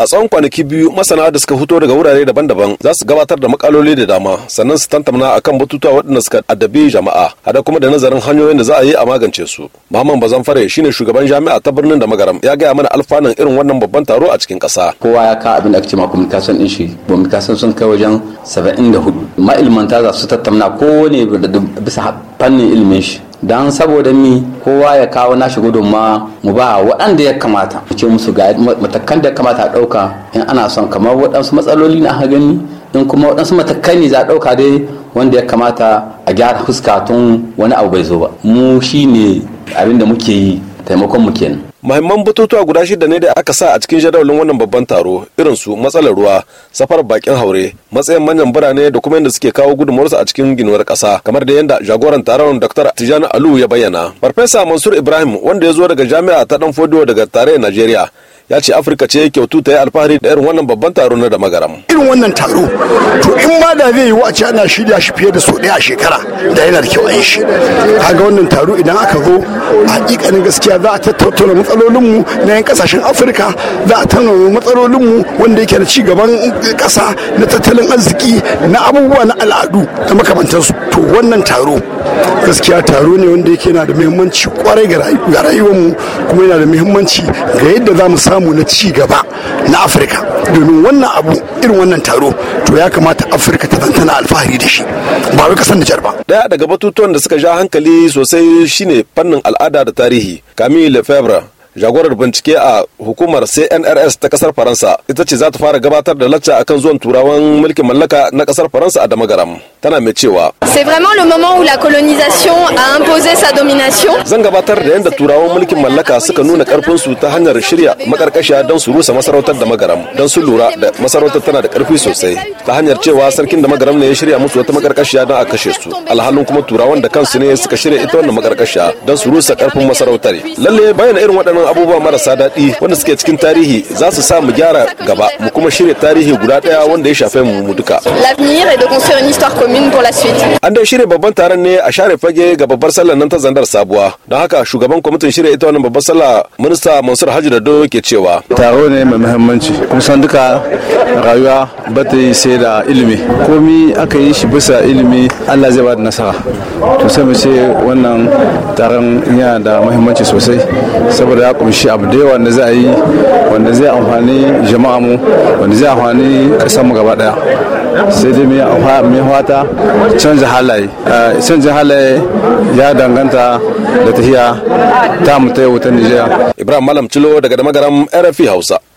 a tsawon kwanaki biyu masana da suka fito daga wurare daban-daban za su gabatar da makaloli da dama sannan su tantamna kan batutuwa waɗanda suka addabi jama'a hada kuma da nazarin hanyoyin da za a yi a magance su maman bazan fare shine shugaban jami'a ta birnin da magaram ya gaya mana alfanun irin wannan babban taro a cikin ƙasa kowa ya ka abin da ake cewa communication din shi communication sun kai wajen 74 ma'ilmanta za su tattauna kowane bisa fannin ilimin shi don saboda mi kowa ya kawo nashi gudunma mu ba waɗanda ya kamata ce musu ga matakan da kamata a ɗauka in ana son kamar waɗansu matsaloli na aka gani in kuma waɗansu matakan ne za a ɗauka dai wanda ya kamata a gyara fuska tun wani abu bai zo ba mu shine abin da muke yi taimakon mu kenan mahimman batutuwa guda shida ne da aka sa a cikin jadawalin wannan babban taro irin su matsalar ruwa safar bakin haure matsayin manyan birane da kuma yadda suke kawo gudunmuwarsu a cikin ginuwar kasa kamar da yadda jagoran taron dr tijani alu ya bayyana farfesa mansur ibrahim wanda ya zo daga jami'a ta dan fodiyo daga tarayyar najeriya ya ce afirka ce kyautu ta yi alfahari da irin wannan babban taro na da magaram irin wannan taro to in ba da zai yi a ce ana shirya shi fiye da sau ɗaya a shekara da yana da kyau a yi shi kaga wannan taro idan aka zo a hakikanin gaskiya za a tattauna matsalolinmu na yan kasashen afirka za a tattauna matsalolinmu wanda yake na ci gaban ƙasa na tattalin arziki na abubuwa na al'adu da makamantansu to wannan taro gaskiya taro ne wanda yake na da muhimmanci kwarai ga mu kuma yana da muhimmanci ga yadda za mu samu samu na ci gaba na afirka domin wannan abu irin wannan taro to ya kamata afirka ta tana alfahari da shi ba wai kasan nijar ba daya daga batutuwan da suka ja hankali sosai shine fannin al'ada da tarihi camille lefebvre jagorar bincike a hukumar cnrs ta kasar faransa ita ce za ta fara gabatar da lacca akan zuwan turawan mulkin mallaka na kasar faransa a damagaram tana mai cewa c'est vraiment le moment où la colonisation a imposé sa domination zan gabatar da yadda turawan mulkin mallaka suka nuna karfin su ta hanyar shirya makarkashiya don su rusa masarautar damagaram don su lura da masarautar tana da karfi sosai ta hanyar cewa sarkin da ne ya shirya musu wata makarkashiya don a kashe su alhalin kuma turawan da kansu ne suka shirya ita wannan makarkashiya don su rusa karfin masarautar lalle bayan irin waɗannan abubuwa marasa daɗi wanda suke cikin tarihi za su sa mu gyara gaba mu kuma shirya tarihi guda ɗaya wanda ya shafe mu mu duka. An dai shirya babban taron ne a share fage ga babbar sallar nan ta zandar sabuwa. Don haka shugaban kwamitin shirya ita wannan babbar sallah minista Mansur Hajji Dado ke cewa. Taro ne mai muhimmanci kun san duka rayuwa ba ta yi sai da ilimi. Komi aka yi shi bisa ilimi Allah zai ba da nasara. To sai mu ce wannan taron yana da muhimmanci sosai saboda ya kumshi abu da yawa wanda za a yi wanda zai amfani jama'a mu wanda zai amfani kasar mu gaba daya sai dai mai fata canza halaye eh, canza halaye ya danganta da tahiya ta mu ta nijiya ibrahim malam cilo daga da magaram rfi hausa